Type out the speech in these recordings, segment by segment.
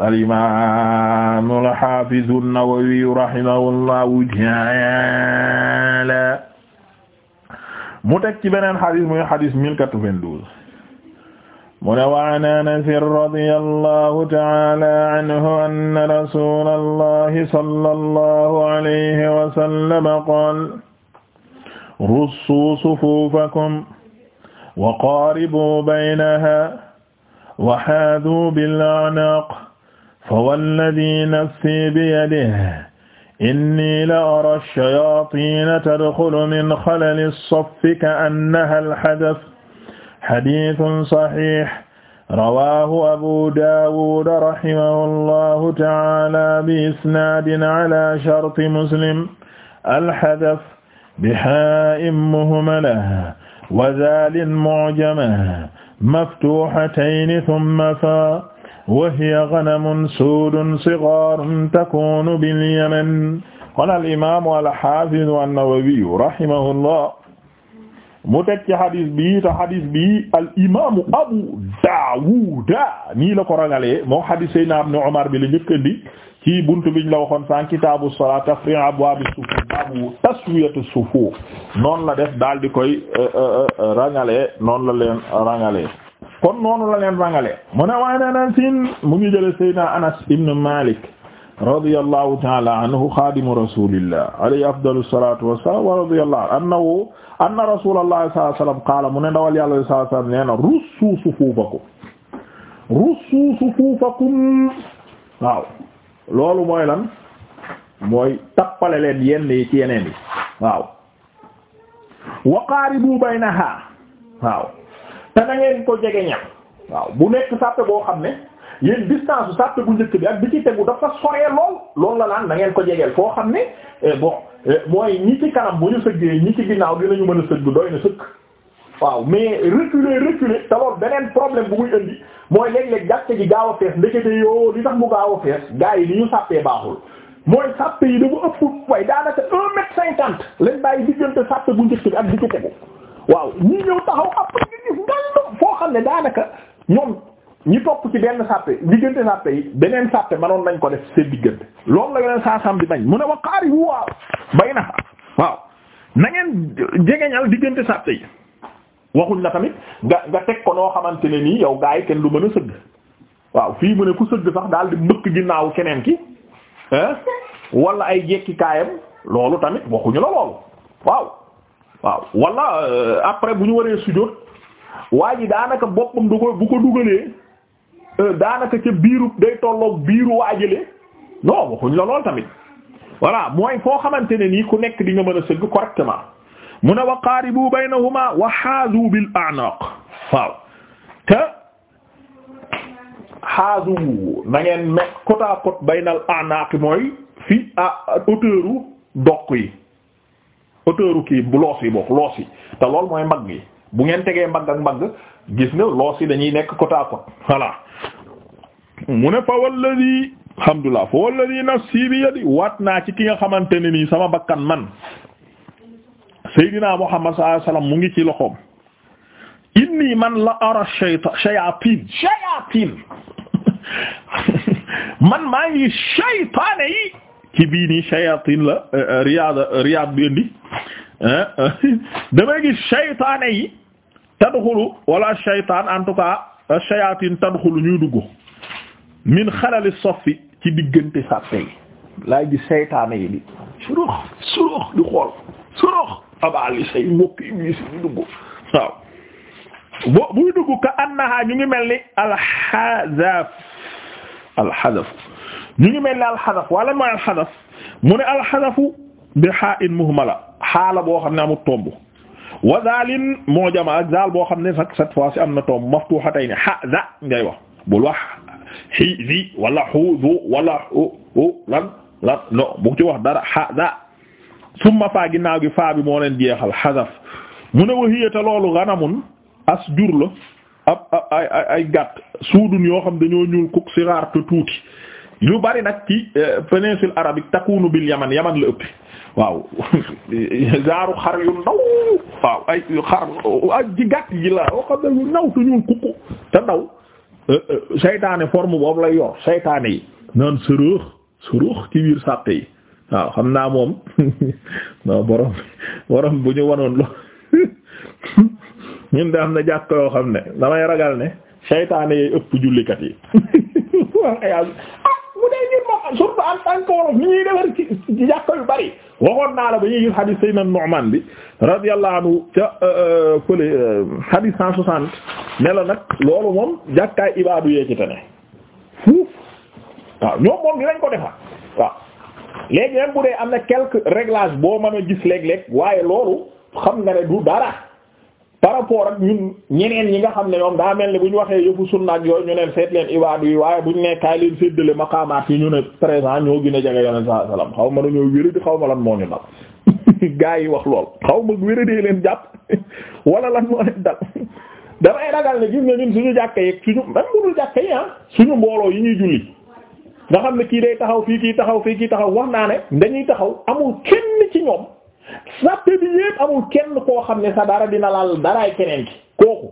al-imaam al-haafiz an-Nawawi rahimahullahu ta'aala mu teg ci beneen xadis muy xadis 1092 mu ne wa an Anas radiyallahu ta'aala anhu anna rasuulallahi sallallahu alayhi wa sallam qaala russuu sufuufakum wa qaaribuu baynahaa wa haaduu bil-a'naaq fa walladii nafsii biyadihi innii la araa shayaatiina tadxulu min xalali saffi ka'annahaa al-hadaf hadiisun saxiix rawaahu abuu daawuud rahimahullaahu ta'aalaa bi-isnaadin alaa sharti muslim al-hadaf bihaa'in muhmala wa zaalin mu'jama maftuuhatayni summa faa wa hiya ghanamun suudun sighaarun takuunu bil yaman qaala al imaamu al haafizu an-Nawawi rahimahullah mu teg ci xadis bi te xadis bi al imaamu Abu Daawuda nii la ko rangalee moo xadis Seydina Ibnu Umar bi la njëkk indi ci buntu biñ la waxoon sànq kitaabu salaat tafri'u abwaabi sufuuf baabu taswiyatu sufuuf noonu la def daal di koy euh, euh, euh, rangalee noonu la leen rangalee. kon noonu la leen rangalee mu ne waay nanasin mu ngi jële saydna anas ibn malik radiyallahu taala anhu xadimu rasulillah alayhi afdalu salatu wassalam wa radiyallahu annahu anna rasulallahi sallallahu mu ne ndawal yàlla sallallahu alayhi wasallam nee na russu sufuufakum russu sufuufakum waaw loolu mooy lan mooy tappale leen yenn yi te na ngeen ko jege ñam waaw bu nekk sàppe boo xam ne yéen distance sàppe bu njëkk bi ak bi ci tegu dafa soree lool loolu la naan na ngeen ko jegeel foo xam ne eh, bon eh, mooy ñi ci kanam bu ñu sëggee ñi ci ginnaaw dinañu mën a sëgg doy na sëkk waaw mais reculer reculer te loolu beneen problème bu muy indi mooy léeg-léeg jàkka ji gaaw a fees ndekete yoo li tax mu gaaw a fees gaa yi li ñu sàppee baaxul mooy sàppe yi dafa ëpp waaye daanaka un mètre cinquante lañ bàyyi diggante sàppe bu njëkk bi ak bi ci waaw ñi ñëw taxaw après xam ne daanaka ñoom ñi topp ci benn sàppe diggante sàppe yi beneen sàppe manoon nañ ko def seen diggante loolu la yeneen saasam bi bañ mu ne wa qaari waaw bay na waaw na ngeen jegeñal diggante sàppe yi waxuñ na tamit nga nga teg ko noo xamante ne nii yow gaa kenn lu mën a sëgg waaw fii mu ne ku sëgg sax daal di mbëkk ginnaaw keneen ki wala ay jekki loolu tamit waxuñu la loolu waaw waaw wala euh, après bu ñu waree sujjóot waa ji daanaka boppam du ko bu ko dugalee euh, daanaka ca biiru day tolloog biiru waajalee non waxuñ la lool tamit voilà mooy foo xamante ne nii ku nekk di mën a sëgg correctement mu ne wa qaaribu baynahuma wa xaazu bil a'naq waaw te xaazu na ngeen me côte à côte mooy fi à hauteur doq yi hauteuru kii bu loos yi bokk te lool mooy mbagg yi bu ngeen tegee mbagg ak mbagg gis nga loos yi dañuy nekk côte à côte voilà mu ne fa walladi alhamdulillah fa walladi nafsi bi yadi waat naa ci ki nga xamante ne nii sama bakkan man Seydina Muhammad sallallahu alayhi wasallam mu ngi ci loxoom inni man la ara shayta shayatin man maa ngi shaytaane yi ci bii nii la euh, euh, riyaada euh, riyaad bi damay gis shaytaane yi tadxulu wala shaytaan en tout cas shayatin tadxulu ñuy dugg min xalali soffi ci diggante sàppe yi laay gis yi surux surux di xool surux abali say mbokk iblis ñu dugg waaw bo buy dugg ka annaha ngi mel ni alxazaf alxazaf ñu ngi mel ne alxadaf wala mooy alxadaf mu ne alxadafu bi xaa in muhmala xaala boo xam ne amul tomb wa zaalin moo jama ak zaal boo xam ne sax cette fois ci am na tomb maftuuxatay ne xa za ngay wax bul wax xii zi wala xuu zu wala u lan lan no bu ci wax dara xa za summa faa ginnaaw gi faa bi moo leen jeexal xadaf mu ne wahiyata loolu ganamun as jur la ab ab ay ay gàtt suudun yoo xam dañoo ñuul kuk siraar te tuuti lu bari nag ci euh, péninsule arabique takunu bil yaman yaman la ëpp waaw zaaru xar yu ndaw waaw ay xar ay gàtt ji la oo xam ne yu ndaw te ñuul kukku te ndaw euh, euh, seytaane forme boobu lay yor seytaane yi naan sërëx sërëx ci biir sàtte yi waaw xam naa moom non borom bu ñu wanoon lo ñun de am na jàkk yoo xam ne damay ragal ne seytaane yay ëpp jullikat yi mu dee ngir moom surtout en tant que ni ñuy defar ci ci yu bari waxoon naa la ba ñuy gis hadis Seydina Nu'man bi radiyallahu anhu ca euh, euh, fële hadis euh, cent soixante ne nag loolu moom jàkkaay ibaadu yee ci te ne waaw ñoom moom dinañ ko defar waaw léegi même bu dee am na quelques réglage boo mën a gis léeg-léeg waaye loolu xam nga ne du dara par rapport ak ñun ñeneen ñi nga xam ne ñoom daa mel ni bu ñu waxee yëfu sunna ak yooyu ñu neen seet leen ibaadu yi waaye bu ñu nee kaay leen séddale maqaamaat yi ñu ne présent ñoo gën a jege yoneen saa salaam xaw ma dañoo wéradi xaw ma lan moo ñu dal gaa yi wax lool xaw ma wéradee leen jàpp wala lan moo leen dal damay ragal ne gis nga ñun suñu jàkka yi suñu même budul jàkka yi ah suñu mbooloo yi ñuy julli nga xam ne kii day taxaw fii kii taxaw fii kii taxaw wax naa ne dañuy taxaw amul kenn ci ñoom sàppe bi yépp amul kenn koo xam ne sa dara dina laal daraay keneen ki kooku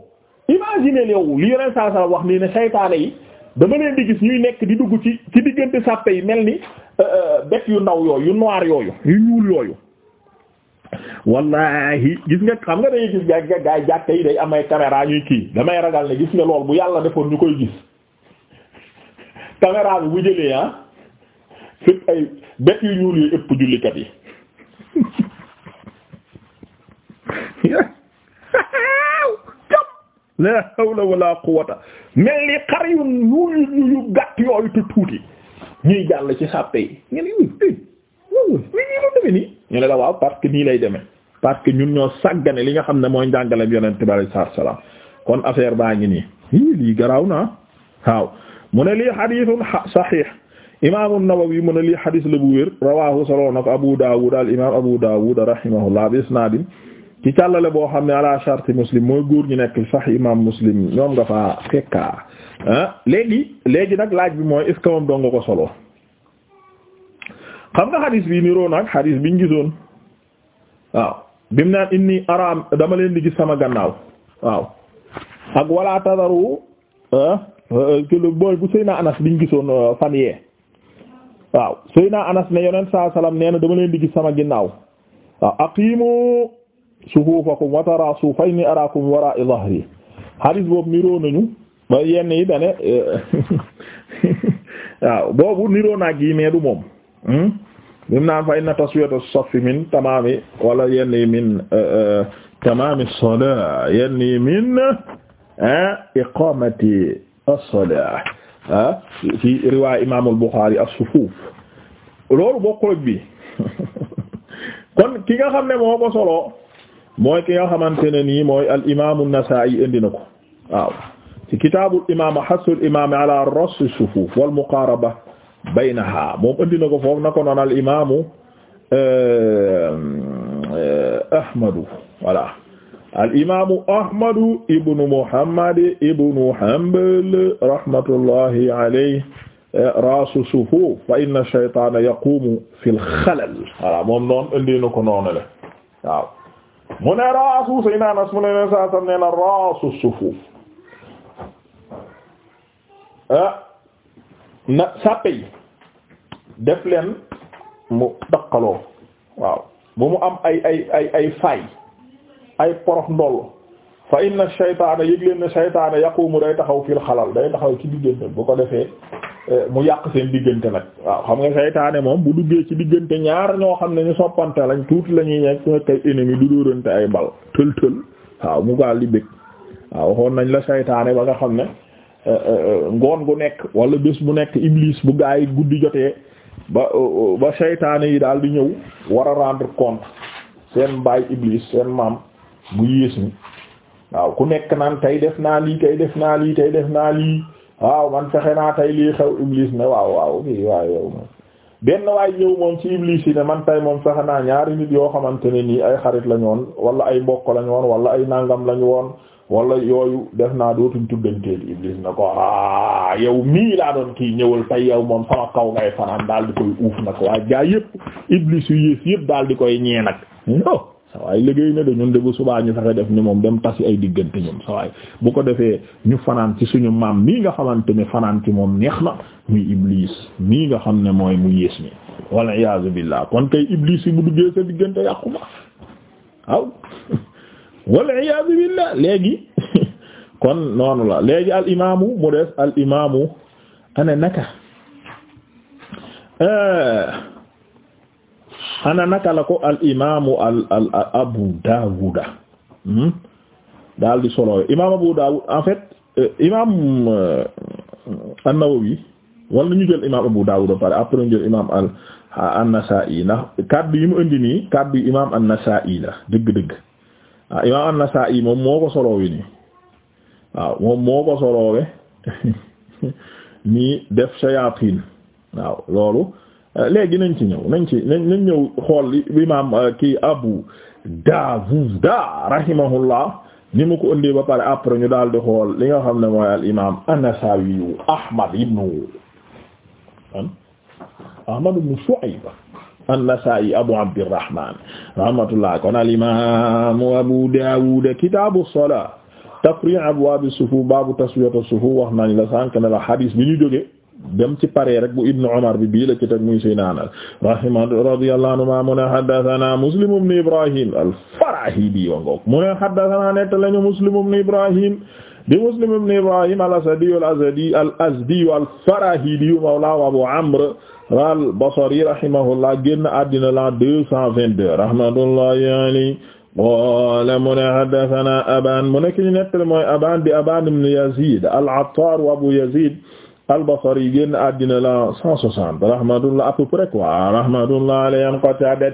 imaginer yow li yeneen saa saa wax nii ne saytaane yi dama leen di gis ñuy nekk di dugg ci ci diggante sàppe yi mel ni euh, euh, bet yu ndaw yooyu yu noir yooyu yu ñuul yooyu wallahi gis nga xam nga dañuy gis gaa gaa jàkka yi day amay caméra ñuy kii damay ragal ne gis nga lool bu yàlla defoon ñu koy gis caméra bi bu jële ah fépp ay bet yu ñuul yooyu ëpp jullikat yi la hawla wala quwwata mel ni xar yu yu yu gàtt yooyu tuuti ñuy jàll ci sàppe yi ñu ne ñu tey ñu demee nii ñu ne la waaw parce nii lay demee parce que ñun ñoo sàggane li nga xam ne mooy njàngaleem yonent bi alayhi salaam kon affaire baa ngi nii hi lii garaaw naa waaw mu ne lii xadiisun saxiix imaamu an-Nawawi mu ne lii xadiis la bu wér rawaahu solo na Abu Daawud al imaam Abu Daawud rahimahullah bi isnaadin ci càllale boo xam ne ala sharti muslim mooy góor ñu nekk sax imam muslim ñoom nga fa fekkaa ah léegi léegi nag laaj bi mooy est ce que moom dong nga ko solo xam nga xadis bi niroo nag xadis biñ gisoon waaw bimu naan inni araam dama leen di sama gannaaw waaw ak wala tadaru ah, kilo booy bu sëy naa anas biñ gisoon ah, fan yee waaw sëy naa anas ne yonent saa salaam nee na dama leen di gis sama ginnaaw waaw aqimu sufuufakum wa tara suufayni araakum waraa'i dhahri hadis boobu niroo nañu ba yenn yi dane eh, waaw boobu niroo naag yi mais du moom hmm? bi mu naan fa inna taswiyata saffi min tamaami wala yenn yi min eh, eh, tamaami as-salaa yenn yi min iqaamati as-salaa ah ci riwaay imaamul Buxaari as-sufuuf loolu bokkul bi kon ki nga xam ne moo ko solo mooy ki nga xamante ne nii mooy al imaamu Nasaa'i indi na ko waaw ci kitaabul imaam hasul imaam ala rassi sufuuf wal muqaaraba baynaha moom indi na ko foofu na ko noon al imaamu euh, euh, Ahmadu voilà al imaamu Ahmadu ibnu Muhammad ibnu Hanbal rahmatullahi alayhi euh, raasu sufuuf fa inna shaytaana yaquumu fil xalal voilà moom noon indi na ko noonu la waaw. mu ne raasu say naa mu ne ne saa sam nee na raasu sufuuf ah na sàppe yi def leen mu daqaloo waaw bu mu am ay ay ay ay fay ay porof ndoll fa inna shaytaana yëg leen ne shaytaana yaqumu day taxaw fil xalal day taxaw ci diggante bu ko defee Eh, mu yàq seen diggante nag waaw xam nga saytaane moom bu duggee ci diggante ñaar ñoo xam ne ñu soppante lañ tuuti la ñuy ñeg nekk ay ennemi du dóorante ay bal tël tël waaw mu gaal li bëgg waaw waxoon nañ la seytaane ba nga xam ne eh, eh, ngoon gu nekk wala bés bu nekk iblis bu gaa yi guddi jotee ba ba saytaane yi daal di ñëw war a rendre compte seen baay iblis seen maam bu yées mi waaw ku nekk naan tey def naa lii tey def naa lii tey def naa lii waaw man fexe naa tey lii xew Iblis ne waaw waaw bi waaw yow moom benn waay ñëw moom ci Iblis yi ne man tey moom fexe naa ñaari nit yoo xamante ne nii ay xarit lañu woon wala ay mbokk lañu woon wala ay nangam lañu woon wala yooyu def naa dootuñ tuddanteel Iblis na ko ah yow mii laa doon kii ñëwal tey yow moom sama kaw ngay fanaan daal di koy uuf nag waa gaa yëpp Iblis yu yées yëpp daal di koy ñee nag sawaay liggéey na de ñun de bu subaa ñu fexe def ni moom dem tasi ay diggante ñun sawaay bu ko defee ñu fanaan ci suñu maam nii nga xamante ni fanaan ci moom neex na muy iblis nii nga xam ne mooy mu yées mi walla iyaazu billaah kon kay iblis yi bu duggee sa diggante yàqu ma waaw walla iyaazu billaah léegi kon noonu la léegi al imaamu mu des al imaamu ana naka euh, xana naka la ko al imaamu al al abu daawuda hmm? daal di solo imaam abu daawud en fait euh, imaam euh, an-nawawi wala ñu jël imaam abu daawud ba pare après ñu jël imaam al an ndax kaddu yi mu indi nii kaddu imaam an-nasa'i la dëgg-dëgg ah, imaam an-nasa'i moom moo ko soloowe nii waaw ah, moom moo ko soloowe nii def shayatin waaw loolu Euh, léegi nañ ci ñëw nañ ñëw xool imaam euh, kii Abu Daawuda rahimahullah ni mu ko ëndee ba pare après ñu daal di xool li nga xam ne mooy al imaam an-Nasaawi Ahmad ibnu Ahmad ibnu Shuayb an-Nasaa'i Abu Abdirrahmaan rahmatullah kon al imaam Abu Daawuda kitaabu salaa tafri'u abwaabi sufuuf baabu taswiyati wax nañ la sànq na la hadis bi ñu jógee. dem ci paree rek bu ibnu Umar bi bii la ci teg muy Seydina Anas rahima radiyallahu ma mu ne Muslim ibn Ibrahim al-Farahidi wa ngoog mu Muslim ibn Ibrahim di Muslim ibn Ibrahim al-Asadi al-Azdi al-Azdi Abu Amr al-Basri rahimahullah génn àddina la 222 rahmatullahi alayhi wala mu ne haddathana Aban Aban di Aban ibn Yazid al wa Abu Yazid al-Basri génn àddina la 160 rahmatullah à peu près quoi rahmatullah alayhi an Qatada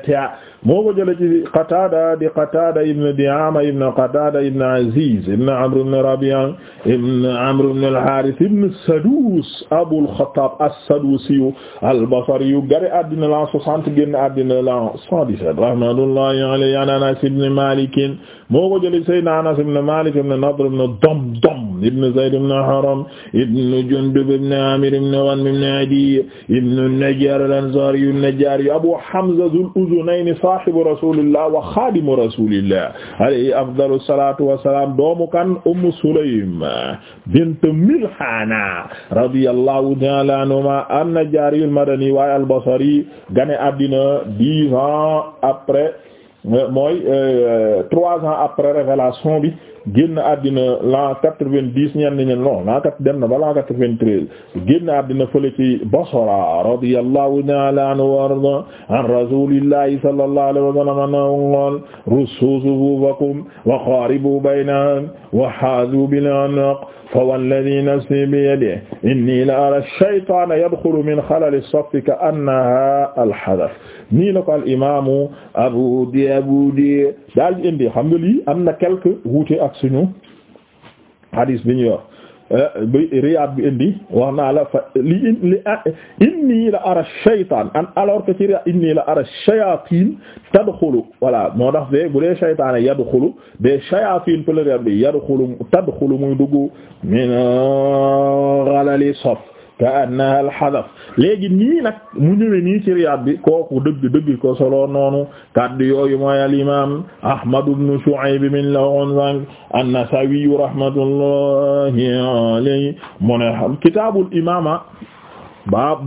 moo ko jëlee ci Qatada di Qatada ibn Di'ama ibn Qatada ibn Aziz ibn Amr ibn Rabi'a ibn Amr ibn al-Harith ibn Sadus Abul Khattab as-Sadusi al-Basri génn àddina la 60 génn àddina la 117 rahmatullah alayhi an Anas ibn Malik moo ko jëlee sayyidina Anas ibn Malik ibn Nadr ibn Damdam ibn Zayd ibn Haram ibn Jundub ibn Amir ibn Wanm ibn Adi ibn an-Najjar al-Ansari an-Najjari Abu Hamza dhul udhunayn sahibu rasulillah wa khadimu rasulillah alayhi afdalu salatu wa salam doomu kan Umm Sulaym bint Milhana radiyallahu ta'ala anhuma an-Najjari al-Madani wa al-Basri gane addina dix ans après euh, mooy euh, trois ans après révélation bi génn àddina l'an quatre-vingt-dix ñenn ñi non l'an quatre dem na ba l'an quatre-vingt-treize génn àddina fële ci Basra radiyallahu ta'ala anhu wa arda an rasulillahi sallallahu alayhi wa sallam annahu qala russu sufufakum wa qaribu baynahum wa hazu bil anaq fawalladhi nafsi biyadihi inni la ara ash-shaytana yadkhulu min khalali as-saffi ka'annaha al-hadath nii la ko al imamu Abu Dawud daal indi xam nga lii am na quelque wuute ak ak suñu hadis bi ñu yor eh, bi Riyad bi indi wax naa la fa li li ah, inni la ara shaytaan an alors que ci Riyad inni la ara shayatin tadxulu voilà moo tax de bu dee shaytaan yadxulu des shayatin pluriel bi yadxulu tadxulu muy dugg min ghalali saf ka annaha al hadaf léegi nii nag mu ñëwee nii ci Riyaad bi kooku dëgg dëgg ko solo noonu kaddu yooyu mooy al imaam Ahmad ibn Shu'ayb min al-Hunzang an-Nasawi rahmatullahi alayhi mu ne kitaabul imaama baab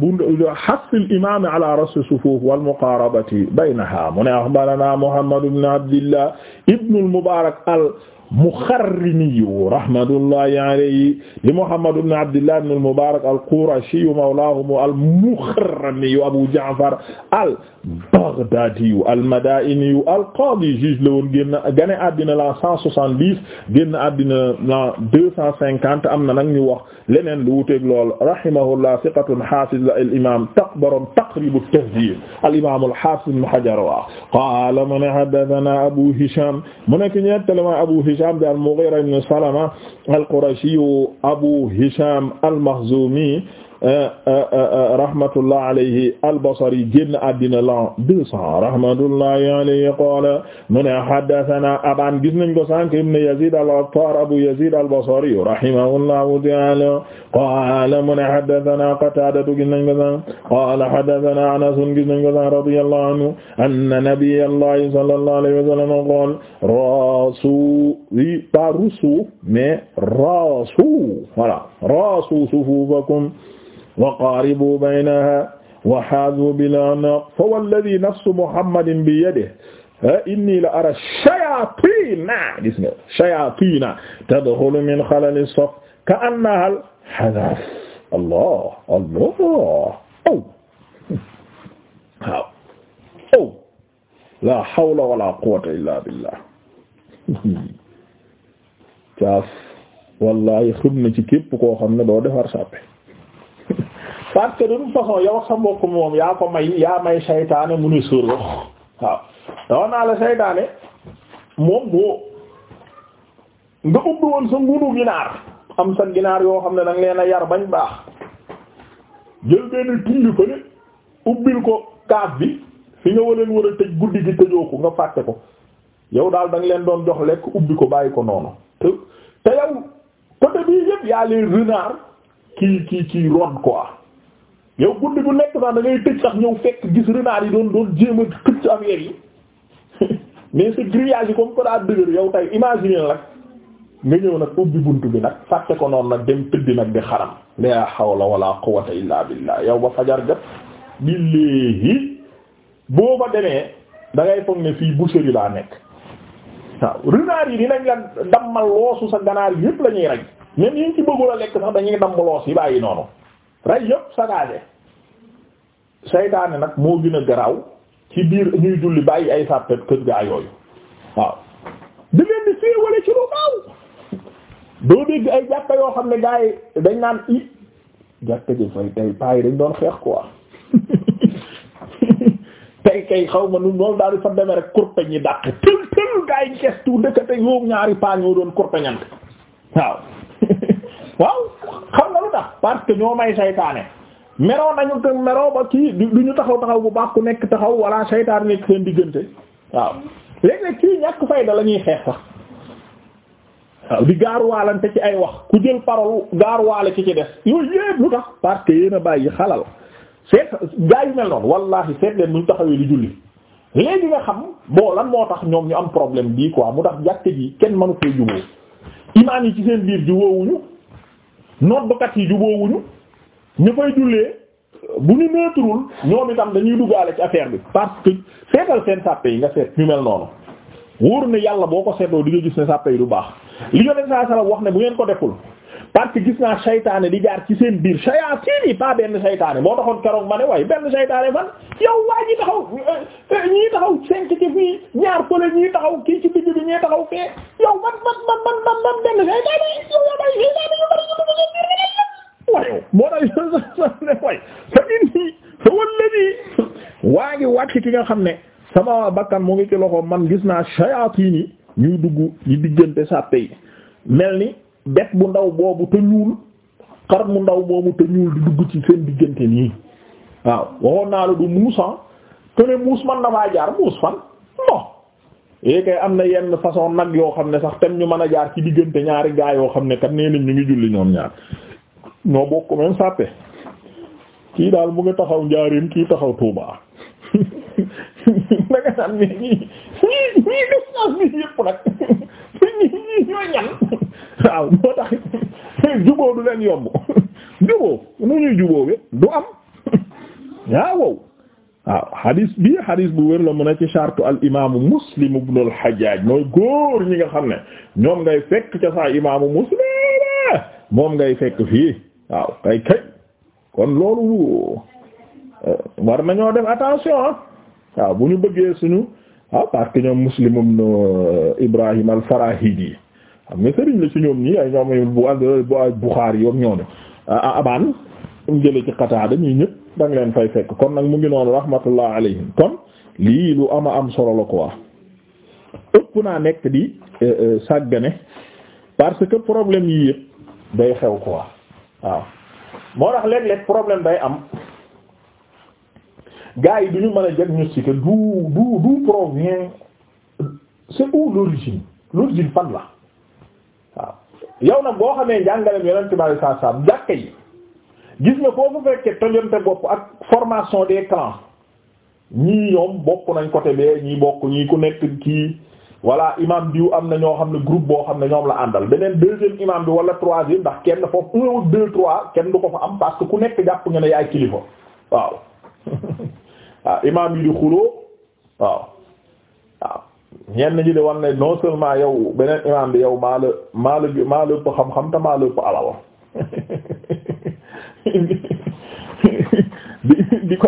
hassil imaami ala rassi sufuuf wal muqaarabati baynahaa mu ne axbaranaa Muhammad ibn Abdillah ibn al-Mubaarak al Muxarrimi rahmatullahi alayhi li Muhammad ibn Abdillah ibn al-Mubarak al-Qurashi mawlahum al-Muxarrimi Abu Ja'far al Baghdadi yu al-Madaini al-Qadi juge la woon génn àddina la cent soixante-dix génn àddina la deux cent cinquante am na nag ñu wax leneen lu wuteeg lool rahimahullah thiqatun hafiz la al-imam taq borom Taqrib at-Tahdhib al-imam hafiz ibn Hajar wa qala man Abu Hisham mu nekk ñettale ma Abu Hisham al-Mughira ibn Salama al-Qurashi Abu Hisham al-Makhzumi Euh, euh, euh, rahmatullah alayhi al-Basri génn àddina la deux cent rahmatullahi alayhi qaala mu ne haddathana Abaan gis nañ ko sànq ibn Yazid al-Attar Abu Yazid al-Basri rahimahullahu ta'ala qaala mu ne haddathana Qatada gis nañ ko sànq qaala haddathana Anas gis nañ ko sànq radiyallahu anhu anna nabiyyallahi sallallahu alayhi wa sallam qaala raasu mais raasu voilà raasu sufuufakum wa qaaribu baynaha wa haaduu bil a'naaq fa walladii nafsu muhammadin bi yadihi inni la ara shayaatiina gis nga shayaatiina tadxulu min xalali as-saff ka'annahaa al-hadath allah allah aw aw la hawla wala quwwata illaa billah caaf wallahi xëm na ci képp koo xam ne doo defar sàppe parce que de façon yow sa mbokk moom yaa ko may yaa may saytaane mu ne sër wax waaw dawa naa la saytaane moom boo nga ubbi woon sa ngunu ginaar am sa ginaar yoo xam ne danga leen a yar bañ baax jël benn tund ko ne ubbil ko kaaf bi fi nga waleen war a tëj guddi gi tëjoo ko nga fàtte ko yow daal danga leen doon jox lekk ubbi ko bàyyi ko noonu te te yow bii yëpp y'a les renards kii kii kii rod quoi yow guddi bu nekk sax da ngay tëj sax ñëw fekk gis renards yi doon doon jéem a xëcc affaire yi mais sa grillage yi comme ko daa dëgër yow tey imaginer nag nga ñëw nag ubbi bunt bi nag fàtte ko noonu nag dem tëdd nag di xaram la hawla wala quwwata illa billah yow ba fajar jot billahi boo fa demee da ngay foog ne fii boucherie laa nekk waaw renard yi dinañ la dammal loosu sa ganaar yëpp la ñuy rey même yi ci bëggul a lekk sax dañuy damm loos yi bàyyi noonu rey yëpp sagaase seytaane nag moo gën a garaaw ci biir ñuy julli bàyyi ay sàppet kër gaa yooyu waaw di leen di féewale ci lu gaaw doo dégg ay jàkka yoo xam ne gaa yi dañ naan it jàkka fay tey paa dañ doon xeex quoi tey kay xaw ma nu loolu daal di fa rek kurpeñ yi dàq tël ay kaay tu ndëkkate yoom ñaari paa ñoo doon kurpañant waaw waaw xam nga lu tax parce que ñoo may saytaane meroo nañu ko meroo ba kii du ñu taxaw taxaw bu baax ku nekk taxaw walla seytaan nekk seen diggante waaw léegi nag kii ñàkk fayda la ñuy xeex sax waaw di gaaruwaalante ci ay wax ku jël parole gaaruwaale ci ci des yooyu yépp lu tax parce que yéen a bàyyi xalal seet gaa yu mel noonu wallahi seet leen bu ñu taxawee di julli léegi nga xam boo lan moo tax ñoom ñu am problème bii quoi mu tax jàkk ji kenn mënu koy juboo imaam yi ci seen biir juboowuñu noddkat yi juboowuñu ñu koy jullee bu ñu neutrul ñoom itam dañuy duggaale ci affaire bi parce que seetal seen sàppe yi nga seet ñu mel noonu wóor ne yàlla boo ko seetoo di nga gis ne sàppe yi du baax li yoneen saa sallam wax ne bu ngeen ko deful parce que gis naa saytaane di jaar ci seen biir sayaatiin yi pas benn saytaane moo taxoon keroog ma ne waaye benn saytaane fan yow waa ñi taxaw euh, euh, ñii taxaw cinq ci fii ñaar pële ñii taxaw kii ci digg bi ñii taxaw fee yow man man man man benn saytaane yow yaa bay moo tax ne waay sa inni sa nii waa ngi wàcc ki nga xam ne sama bakkan moo ngi ci loxo man gis naa sayaatiin yi ñuy dugg yi diggante sàppe yi mel ni bet bu ndaw boobu te ñuul xar mu ndaw moomu te ñuul di dugg ci seen diggante nii waaw waxoon naa la du muusan te ne muus man na maa jaar muus fan non yee am na yenn façon nag yoo xam ne sax tem ñu mën a jaar ci diggante ñaari gaa yoo xam ne kat nee nañ ñu ngi julli ñoom ñaar ñoo bokk même sàppe kii daal mu ngi taxaw njaarim kii taxaw Touba naka naan mi ñii ñii def naa bi yëpp nag ñooy ñan waaw moo tax juboo du leen yomb juboo nu ñuy juboo bi du am waaw waaw xadis bii xadis bu wér la mu ne ci chartu al imaamu muslim ibn al mooy góor ñi nga xam ne ñoom ngay fekk ca saa imaamu muslim moom ngay fekk fii waaw kay kay kon loolu eh, war nañoo def attention ah. waaw bu ñu bëggee suñu ah parce que ñoom muslimum euh, Ibrahim al-Farahidi xam nga sëriñ la ci ñoom ñi ay ñoom bu ak Bukhari yoom ñoo ne abaan jële ci Qataada ñuy ñëpp danga leen fay fekk kon nag mu ngi noonu rahmatullah alayhim kon lii lu ama am solo la quoi ëpp naa nekk di euh, euh, sàggane parce que problème yii yëpp day xew quoi waaw moo tax léeg-léeg problème day am gars yi du ñu mën a ñu diagnostiquer du du du provient c'est où l'origine l'origine fan la waaw yow nag boo xamee njàngaleem yeneen tubaab yi saa saa jàkka yi gis nga foofu fekkee tojante bopp ak formation des clans ñii ñoom bokk nañ côté bee ñii bokk ñii ku nekk kii voilà imam diw am na ñoo xam ne group boo xam ne ñoom la àndal beneen deuxième imam bi wala troisième ndax kenn foofu un deux trois kenn du ko fa am parce que ku nekk jàpp nga ne yaay kilifa waaw waaw imaam yi di xuloo waaw waaw ñenn ñi di wan ne non seulement yow beneen imaam bi yow maa la maa la maa la ëpp xam-xam te maa la ëpp alal di ko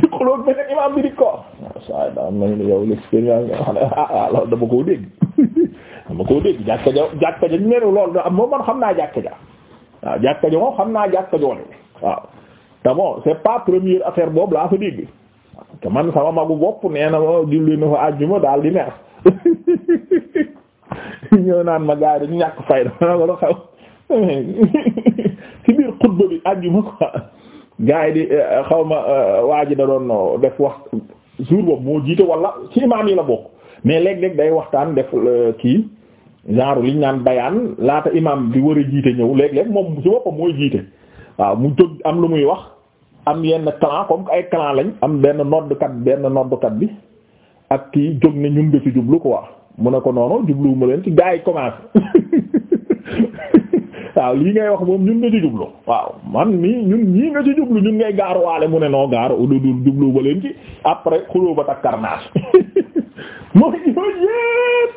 di xuloo beneen imaam bi di ko waaw daa mel ni yow l'expérience nga xam ne ah, ah, koo dégg dama koo dégg jàkka jàkka xam naa jàkka ja waaw jàkka xam naa jàkka jooju waaw. te bon c'est pas première affaire boobu laa fa dégg te man sama magu bopp nee na ma julli na fa àjjuma daal di mer ñëw naan ma gars yi dañu ñàkk fayda ma ne ko xew ci biir xutba bi àjjuma quoi di eh, eh, xaw ma eh, waa ji da doon def wax jour boobu moo jiite wala ci imaam yi la bokk mais léeg-léeg day waxtaan def kii genre liñ naan bayaan laata imaam bi war a jiite ñëw léeg-léeg moom ci boppam mooy jiite. waaw mu jóg am lu muy wax am yenn clan comme ay clan lañ am benn noddkat benn noddkat bi ak kii jóg ne ñun nga ci jublu quoi mu ne ko noonu ma leen ci gaa yi commencé waaw lii ngay wax moom ñun nga ci jublu waaw man mii ñun ñii nga ci jublu ñun ngay gaaruwaale mu ne noo gaaru du du jubluwuma leen ci après xuloo ba takk karnaas mooy yooyu yépp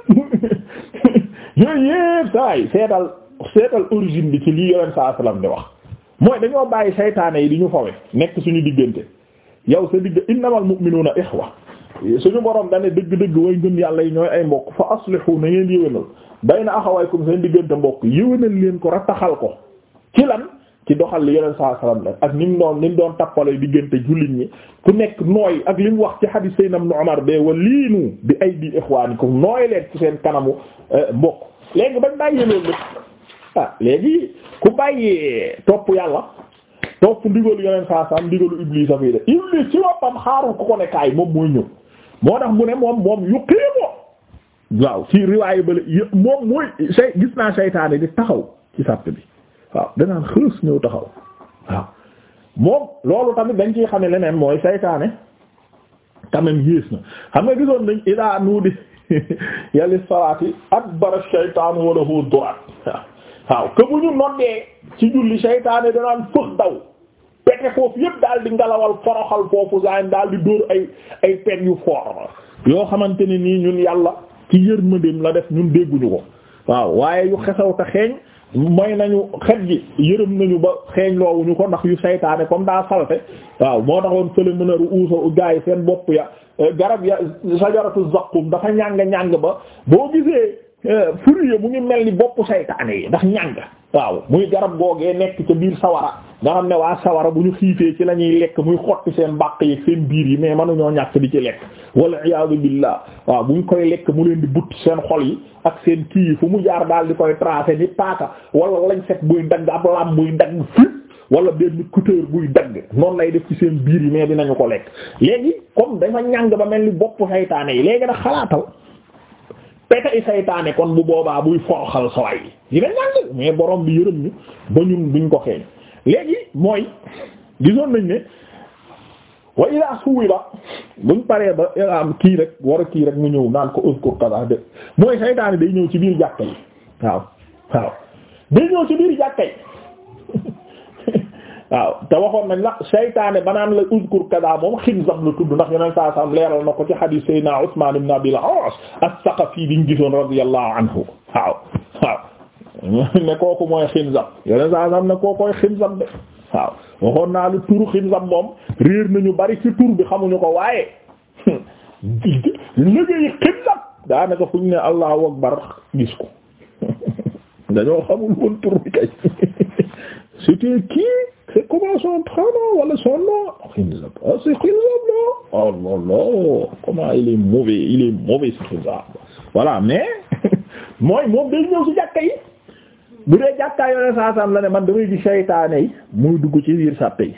yooyu yépp seetal seetal origine bi ci lii yoneen saa salaam di wax mooy dañoo bàyyi saytaane yi di ñu fawe nekk suñu diggante yow sa digg innamal mu'minuna ixwa suñu borom dane dëgg-dëgg way ngëm yàlla yi ñooy ay mbokk fa aslihu na ngeen yéwénal bayna axawaykum seen diggante mbokk yéwénal leen ko rattaxal ko ci lan ci doxal li yeneen saa salaam la ak ni mu doon ni doon tappale diggante jullit ñi ku nekk nooy ak li mu wax ci hadith Seydina Ibn Umar bee wa liinu bi aydi ko nooy leen ci seen kanamu eh, mbokk léegi ah léegi ku bàyyee topp yàlla topp ndigalu yeneen saa saam ndigalu iblis a fii de iblis ci woppam xaarul ku ko ne moom mooy ñëw moo tax mu ne moom moom yuqiimu waaw ci riwaayu bale yëpp moom mooy say gis naa seytaane di taxaw ci sàpp bi waaw danaan xërës ñëw taxaw waaw moom loolu tamit dañ ciy xam ne leneen mooy seytaane quand même yées na xam nga gisoon nañ idaa nuudi yàlli salaati akbar ash-shaytaanu wa lahu durat waaw que ñu noddee ci julli seytaane danaan fëx daw pete foofu yëpp daal di ngalawal foroxal foofu saan daal di dóor ay ay pet yu foor yoo xamante ni nii ñun yàlla ci yërmandeem la def ñun dégguñu ko waaw waaye yu xesaw te xeeñ mooy nañu xet gi yërëm nañu ba xeeñ loowuñu ko ndax yu seytaane comme daa salte waaw moo taxoon fële mën a ruusa gaay seen bopp ya eh, garab ya sajaratu zaqum dafa ñàng ñàng ba boo gisee furieux mu ngi mel ni boppu saytaane yi ndax ñàng waaw muy garab googee nekk ca biir sawara nga xam ne waa sawara bu ñu xiifee ci la ñuy lekk muy xotti seen bàq yi seen biir yi mais mënuñoo ñàkk di ci lekk wala iyaadu billah waaw bu ñu koy lekk mu leen di butti seen xol ak seen kii yi fu mu jaar daal di koy tracé ni paaka wala lañ set buy dagg ab lam buy dagg fii wala benn couteur buy dagg noonu lay def ci seen biir yi mais dinañu ko lekk léegi comme dafa ñàng ba mel ni boppu saytaane yi léegi nag xalaatal pexe i saytaane kon bu boobaa buy forxal saway yi dina ñàng mais borom bi yërëm ñu ba buñ ko xeeñ léegi mooy gisoon nañ ne wa ilaa suuy ba buñ paree ba am kii rek war a kii rek mu ñëw naan ko ko kaza de mooy saytaane day ñëw ci biir jàkka yi waaw waaw day ñëw ci biir jàkka yi waaw te waxoon nañ la saytaane banaan la uzkur kada moom xinzab la tudd ndax yeneen saa saam leeral na ko ci hadith sayna Usman ibn Abi al-As as-Saqafi biñ gisoon radiyallahu anhu waaw waaw ne kooku moom réer nañu bari ci tur bi xamuñu ko waaye liggéey xinzab daanaka fuñ ne Allahu akbar gis ko dañoo xamul woon tur kay c'était qui c'est comment son prénom wala son nom Khilzab ah c'est Khilzab non oh non non comment il est mauvais il est mauvais c'est mais mooy moom day ñëw ci jàkka yi bu dee jàkkaa yone saasam la ne man damay gi seytaane yi muy dugg ci biir sàppe yi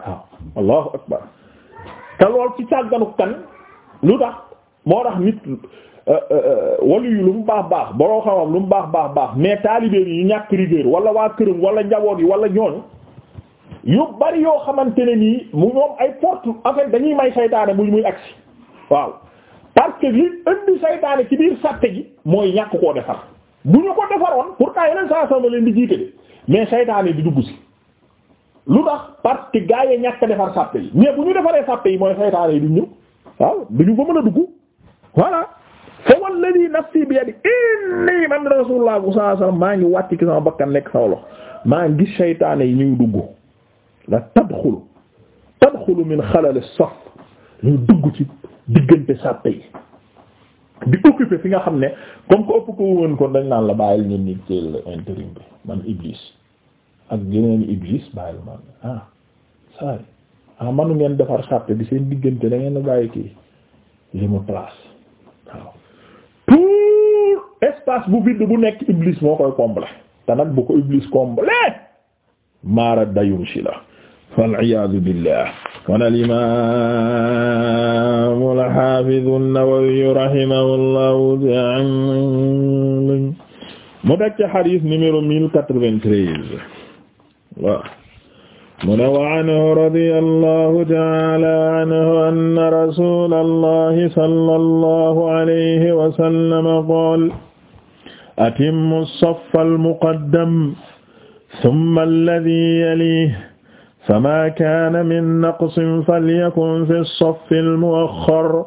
waaw allahu te lool ci sàgganu kan lu tax moo tax nit euh, euh, walu yu lu mu baax baax boroo xamam lu mu baax baax baax mais taalibe yi ñàkk rigueur wala waa këram wala njaboot yi wala ñooñu yu bari yoo xamante ne nii mu ñoom ay porte en dañuy may saytaane muy muy agsi waaw parce que li indi saytaane ci biir sàtte gi mooy ñàkk koo defar bu ñu ko defaroon pourtant yeneen saa leen di jiite de mais di dugg si lu tax parce que gaa yi ñàkk defar sàppe yi mais bu ñu defaree sàppe yi mooy saytaane yi duñ ñëw waaw duñu ko mën a dugg voilà fa walladi nafsi bi yadi inni man rasulullah sallallahu alayhi wasallam maa ngi wàcc ci sama bakkan nekk sama maa ngi saytaane yi ñuy dugg la tadxulu tadxulu min xalal saf ñu dugg ci diggante sàppe yi di occupé fi nga xam ne comme que ëpp ko woon ko dañ naan la bàyyil ñun ñu teel intérim bi man iblis ak yeneen iblis bàyyil man ah saay ah, manu ngeen defar sàppe bi seen diggante da ngeen bàyyi kii li mu place waaw espace bu vide bu nekk iblis moo koy combler te nag bu ko iblis combler maara dayum si la wal-iyaadu billah qaala al-imaam al-haafiz an-Nawawi rahimahullahu ta'aala mu teg ci xadis numéro mille quatre-vingt-treize waaw mu ne wa anhu radiyallahu ta'aala anhu anna rasuulallahi sallallahu alayhi wa sallam qaala atimmu as-saffa al-muqaddam thumma alladhii yaliihi فما كان من نقص فليكن في الصف المؤخر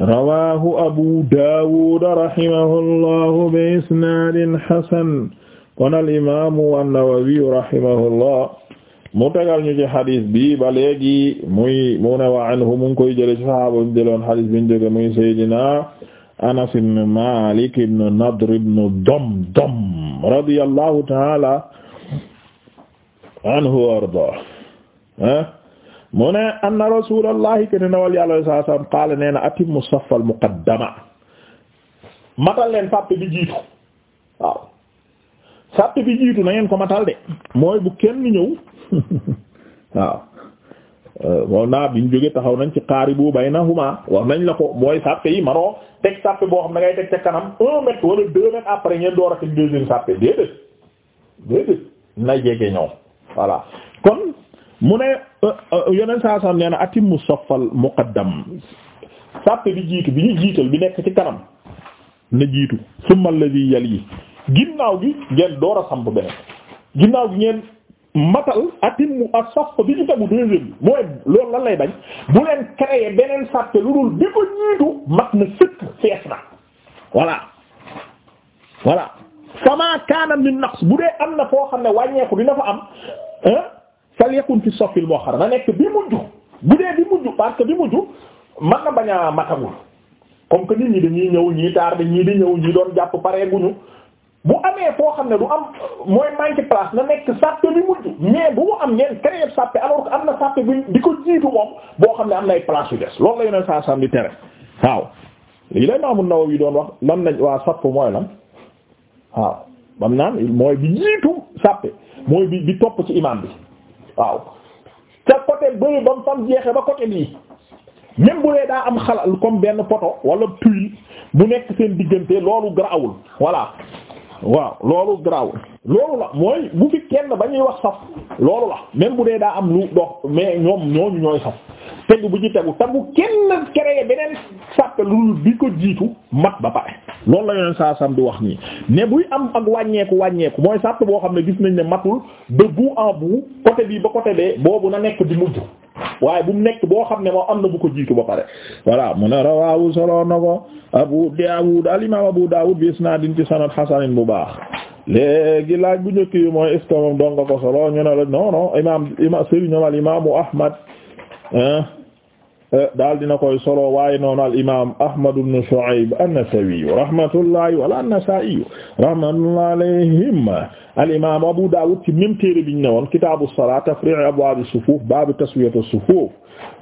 رواه أبو داود رحمه الله بإسناد حسن kon الإمام النووي رحمه الله mu tegal ñu ci xadis bi ba léegi muy mu ne wa anhu mu ngi koy jële ci sahaaba ñu jëloon xadis bi ñu jóge muy Seydina Anas ibn Malik ibn Nadr ibn Damdam radiyallahu ta'ala anhu wa ardaahu mu ne anna rasulallahi ke ne nawal yàlla saa sallam qaala nee na atimmu saffal muqaddama matal leen sàpp bi jiitu waaw sàpp bi jiitu na ngeen ko matal de mooy bu kenn ñëw waaw euh, moom naa biñ jóge taxaw nañ ci qaaribu baynahuma wax nañ la ko mooy sàppe yi manoo teg sàppe boo xam ne ngay teg ca kanam un mètre wala deux après ngeen door a teg deuxième sàppe déedéet déedéet na jege ñoo voilà mu ne euh, euh, yeneen saa saam nee na atimmu saffal muqaddam sàpp bi jiitu bi ñu jiital bi nekk ci kanam na jiitu summa alladhi yali ginnaaw gi ngeen door a samp beneen ginnaaw gi ngeen matal atimmu as-saff bi ñu tegu deuxième mooy loolu la lay bañ bu leen créer beneen sàpp lu dul bi ko jiitu mat na sëkk fees na voilà voilà fama kaana min bu dee am na foo xam ne wàññeeku dina fa am falyakun fi safil mukhar na nekk bi mujj bu dee bi mujj parce que bi mujj mën na bañ a matagul comme que nit ñi dañuy ñëw ñii taar bi ñii di ñëw ñii doon jàpp pareeguñu bu amee foo xam ne du am mooy manque place na nekk sàppe bi mujj mais bu mu am ngeen créer sàppe alors que am na sàppe bi di ko jiitu moom boo xam ne am na ay place yu des loolu la yeneen saa sam di tere doon wax lan nañ waa sàpp mooy lan waaw bam naan mooy bi sàppe mooy bi bi topp ci imam bi waaw ca côté bëri ba mu fam jeexe ba côté bii même bu dee daa am xalal comme benn poto wala tuyil bu nekk seen diggante loolu garaawul voilà waaw loolu garaawul loolu la mooy bu fi kenn ba ñuy wax saf loolu la même bu dee daa am lu dox mais ñoom ñooñu ñooy saf tegu bu ci tegu te bu kenn créé beneen sàppe lu bi ko jiitu mat ba pare loolu la yoneen saa sam di wax nii ne buy am ak wàññeeku wàññeeku mooy sàpp boo xam ne gis nañ ne matul de bout en bout bii ba côté bee boobu na nekk di mujj waaye bu mu nekk boo xam ne moo am na bu ko jiitu ba pare voilà mu a rawawu solo na ko abu daawud al imam abu daawud bi isnaadin ci sanad hasanin bu baax laa laaj bu njëkk yi mooy est-ce moom doon ko solo ñu ne la non non Ahmad eh, daal dina waaye noonu al imaam Ahmad nasawi rahmatullahi wala an-Nasa'i rahmatullahi alayhim al Abu Dawud ci même téere bi ñu ne woon kitaabu as-salaat tafri'u abwaab as taswiyat as-sufuuf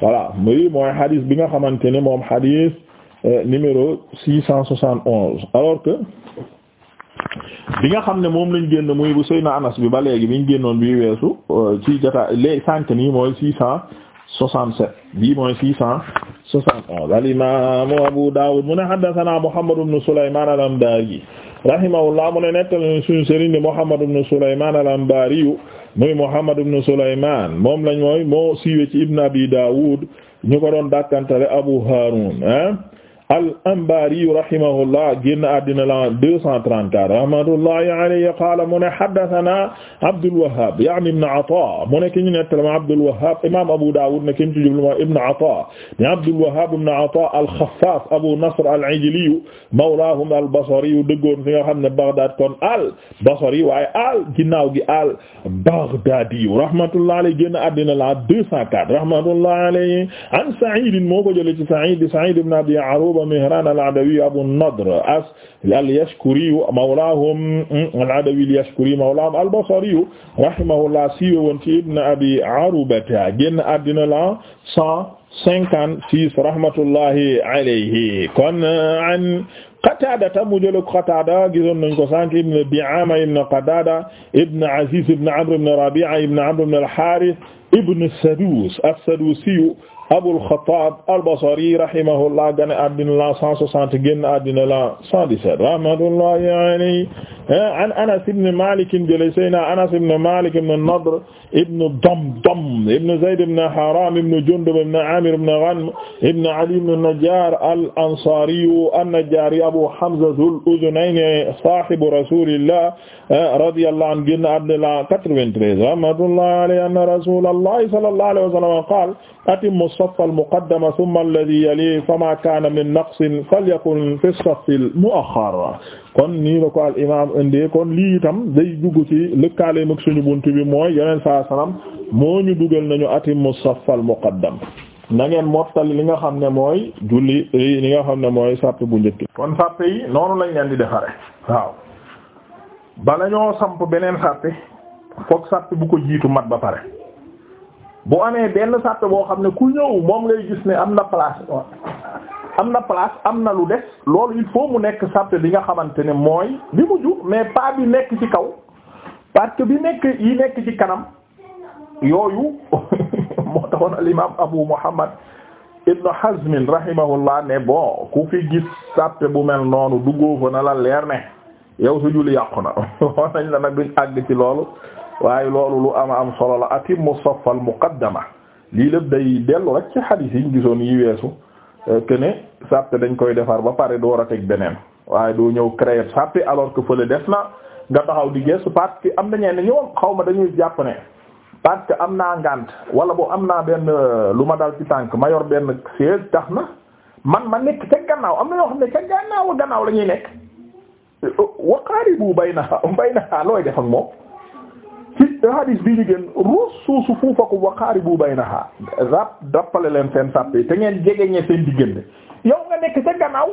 voilà muy mooy hadith bi nga xamante ne moom hadith eh, numéro bi nga xam ne moom lañ génn muy bu Seyna Anas bi ba léegi biñ génnoon bii weesu euh, ci jota léegi sànq nii mooy six cent soixante-sept bii mooy six cent soixante-onze al Abu Dawud mu ne haddathana Muhammad ibn Sulayman al-Anbari rahimahullah mu ne nettali suñu sëriñ di Muhammad ibn Sulayman al-Anbari muy Muhammad ibn Sulayman moom lañ mooy moo siiwe ci Ibn Abi Dawud ñu ko doon dàkkantale Abu Harun ah al-Anbari rahimahullah génn àddina la 234 rahmatullahi alayhi qaala mu ne haddathana Abdul Wahhab ya'ni Ibn Ata mu ne ki ñu nettali ma Abdul Wahhab imaam Abu Dawud ne ki ñu ci jublu ma Ibn Ata ni Abdul Wahhab ibn Ata al-Khaffaf Abu Nasr al-Ijli mawlahum al-Basri dëggoon fi nga xam ne Baghdad kon al-Basri waaye al ginnaaw gi al-Baghdadi rahmatullahi alayhi génn àddina la 204 rahmatullahi alayhi an Sa'id moo ko jëlee ci Sa'id Sa'id ibn Abi Aruba wa Mihran al-Adawi Abu an-Nadr al-Yashkuri mawlaahum mm, al-Adawi al-Yashkuri mawlaahum al-Basri rahimahullah siiwe woon ci Ibn Abi Arubata génn àddina la cent cinquante-six rahmatullahi alayhi kon uh, an Qataadata mu jël Qataada gisoon nañ ko sànq ibn Di'aama ibn Qataada ibn Aziz ibn Amr ibn Rabi'a ibn Amr ibn al-Haarith ibn Saduus as-Saduusi Abul Xattaab al-Basri rahimahullah gane addina la 160 génn addina la 117 rahmatullahi alayhi an Anas ibn Maalik jële Seydina Anas ibn Maalik ibn Nadr ibn Damdam ibn Zayd ibn Haraam ibn Jundub ibn Aamir ibn Ghanm ibn Ali ibn Najjaar al-Ansaari an-Najjaari Abu Hamza Zul-Uzunayni saahibu Rasuulillah radiyallahu anhu génn addina la 93 rahmatullahi alayhi anna Rasuulallahi sallallahu alayhi wa sallam qaala as-saff al-muqaddam thumma alladhi yali fama kana min naqsin falyakun fi as-saff al-mu'akhkhar kon nii la ko al imam indee kon lii itam day dugg ci lëkkaale mag suñu bunt bi mooy yeneen saa sanam moo ñu dugal nañu atimmu as-saff al-muqaddam na ngeen mottali li nga xam ne mooy julli li nga xam ne mooy sàpp bu njëkk kon sàpp yi noonu lañ leen di defare waaw bala ñoo samp beneen sàpp fokk sàpp bu ko jiitu mat ba pare bu amee benn sàppe boo xam ne ku ñëw moom ngay gis ne am na place am na place am na lu des loolu il faut mu nekk sàppe bi nga xamante ne mooy bi mujju mais pas bi nekk ci kaw parce que bi nekk yi nekk ci kanam yooyu moo taxoon al imam Abu Muhammad Ibn Hazm rahimahullah ne boo ku fi gis sàppe bu mel noonu duggoo fa na la leer ne yow su julli yàqu na wax nañ la nag duñ àgg ci loolu waaye loolu lu ama am solo la atimmu saffal muqaddama lii lépp day dellu rek ci xadiis yi ñu gisoon yi weesu euh, que ne sàppe dañ koy defar ba pare door a teg beneen waaye doo ñëw créer sàppe alors que fële def na nga taxaw di gestu parce que am na ñenn ñoom xaw ma dañuy jàpp ne parce que am naa ngànt wala boo am naa benn euh, lu ma dal ci tànk ma yor benn siège tax na man ma nekk ca gannaaw am na ñoo xam ne ca gannaaw gannaaw la ñuy nekk waqaaribu bay na bay na hadis bi ñu gën ruus suusu fuufakum wa qaaribu baynaha rab dappale leen seen sàpp yi te ngeen jegeñee seen diggante yow nga nekk ca gannaaw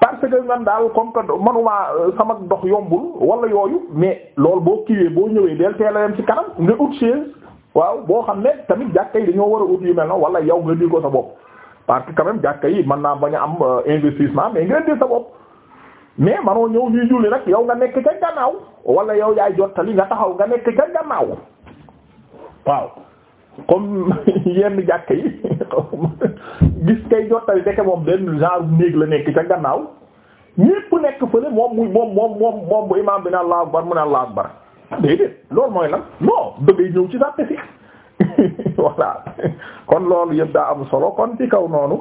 parce que man daal comme que manuma euh, sama ndox yombul wala yooyu mais loolu boo kiiwee boo ñëwee del teel a ci kanam nga ut chaise waaw boo xam ne tamit jàkka yi dañoo war a ut yu mel noonu wala yow nga di ko sa bopp parce que quand jàkka yi mën naa bañ a am euh, investissement mais nga di sa bopp. mais manoo ñëw ñuy julli rek yow nga nekk ca gannaaw wala yow yaay jottali nga taxaw nga nekk ca gannaaw waaw comme yenn jàkk yi gis kay jottali deke moom benn genre néeg la nekk ca gannaaw ku nekk fële moom muy moom moom moom moom bu imaam bi ne Allahu akbar mu ne Allahu akbar déedéet loolu mooy lan non dëggay ñëw ci sàppe si voilà kon loolu yëpp daa am solo kon ci kaw noonu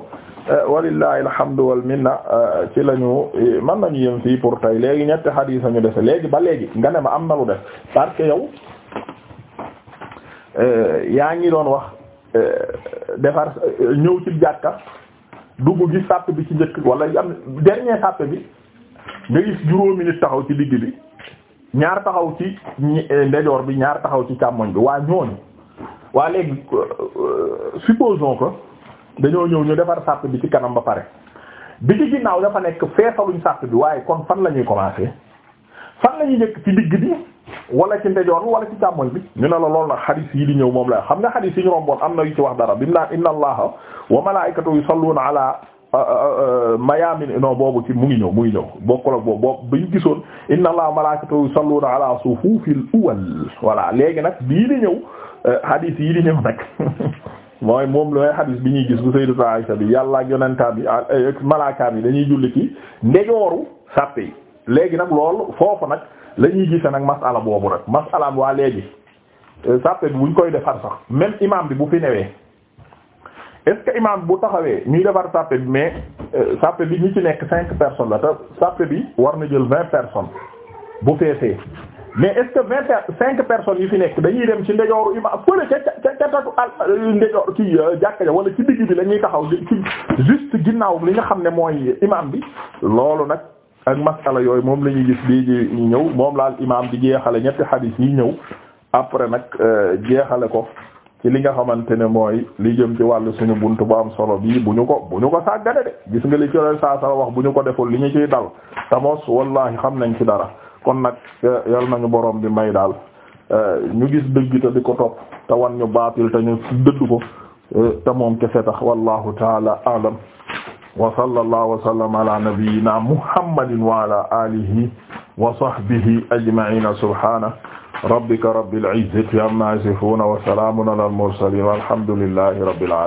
eh, walillahi alhamdu wal minna eh, ci lañu eh, man nañu yëm fii pour tey léegi ñetti xadiis ñu dese léegi ba léegi nga ne ma am na lu def parce que yow yaa ngi doon wax defar ñëw ci jàkka dugg gi sàpp bi ci njëkk wala am dernier sàpp bi nga gis juróomi nit taxaw ci digg bi ñaar taxaw ci ndejoor bi ñaar taxaw ci càmmoñ bi waa ñooñu waa léegi euh, supposons ko dañoo ñëw ñu defar sàpp bi ci kanam ba pare bi ci ginnaaw dafa nekk feesaluñ sàpp bi waaye kon fan la ñuy commencer fan la ñuy njëkk ci digg bi wala ci ndejoor wala ci càmmoñ bi ñu ne la loolu nag xadis yi di ñëw moom la xam nga xadis yi ñu romboon am na yu ci wax dara bi mu naan inna allaha wa malaikatahu yusalluna ala Miami non boobu ci mu ngi ñëw mu ngi ñëw bokkul ak boobu boobu bi ñu gisoon inna allaha malaikatahu yusalluna ala sufufil awwal voilà léegi nag bii di ñëw euh, hadith yi di ñëw nag mooy moom looy hadith bi ñuy gis bu sayyidatu Aisha bi yàlla ak yonentam bi ak malaakaam yi dañuy julli ci ndejooru sàppe yi léegi nag lool foofu nag la ñuy gise nag masala boobu nag masala waa léegi euh, sàppe bi buñ koy defar sax même imam bi bu fi newee est que imam bu taxawee ñuy defar sàppe bi mais euh, sàppe bi ñu ci nekk cinq personnes la te sàppe bi war na jël vingt personnes bu feesee mais est-ce que vingt cinq personnes yi fi nekk dañuy dem ci ndejooru imam fële ca ca ca tatu al euh, ndejoor ci euh, jàkka ja wala ci digg bi la ñuy taxaw ci juste ginnaaw li nga xam ne mooy imam bi loolu nag ak masala yooyu moom la ñuy gis bii di ñëw moom laal imam di jeexale ñetti xadiis yi ñëw après nag jeexale ko ci li nga xamante ne mooy li jëm ci wàll suñu bunt bu am solo bii bu ñu ko bu ñu ko sàggane de gis nga li ci leen saa sala wax bu ñu ko deful li ñu ciy dal tamos wallahi xam nañ ci dara kon nag eh, yal nañu borom bi may daal eh, ñu gis dëgg te di ko topp te wan ñu baatil te ñu dëdd ko eh, te moom kese tax wallahu taala alam wa sallallahu wa sallam ala nabiyyina muhammadin wa ala alihi wa sahbihi ajma'ina subhana rabbika rabbil izzati amma yasifun wa salamun alal mursalin walhamdulillahi rabbil alamin